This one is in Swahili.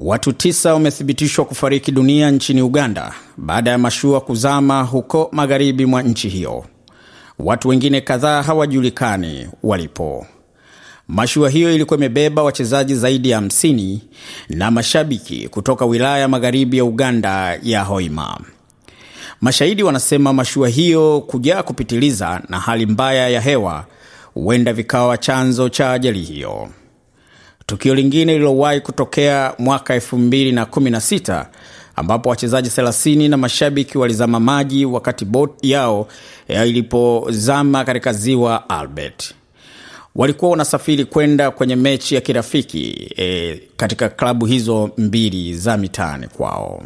Watu tisa wamethibitishwa kufariki dunia nchini Uganda baada ya mashua kuzama huko magharibi mwa nchi hiyo. Watu wengine kadhaa hawajulikani walipo. Mashua hiyo ilikuwa imebeba wachezaji zaidi ya 50 na mashabiki kutoka wilaya magharibi ya Uganda ya Hoima. Mashahidi wanasema mashua hiyo kujaa kupitiliza na hali mbaya ya hewa huenda vikawa chanzo cha ajali hiyo. Tukio lingine lililowahi kutokea mwaka 216 ambapo wachezaji 30 na mashabiki walizama maji wakati bot yao ya eh, ilipozama katika ziwa Albert. Walikuwa wanasafiri kwenda kwenye mechi ya kirafiki e, katika klabu hizo mbili za mitaani kwao.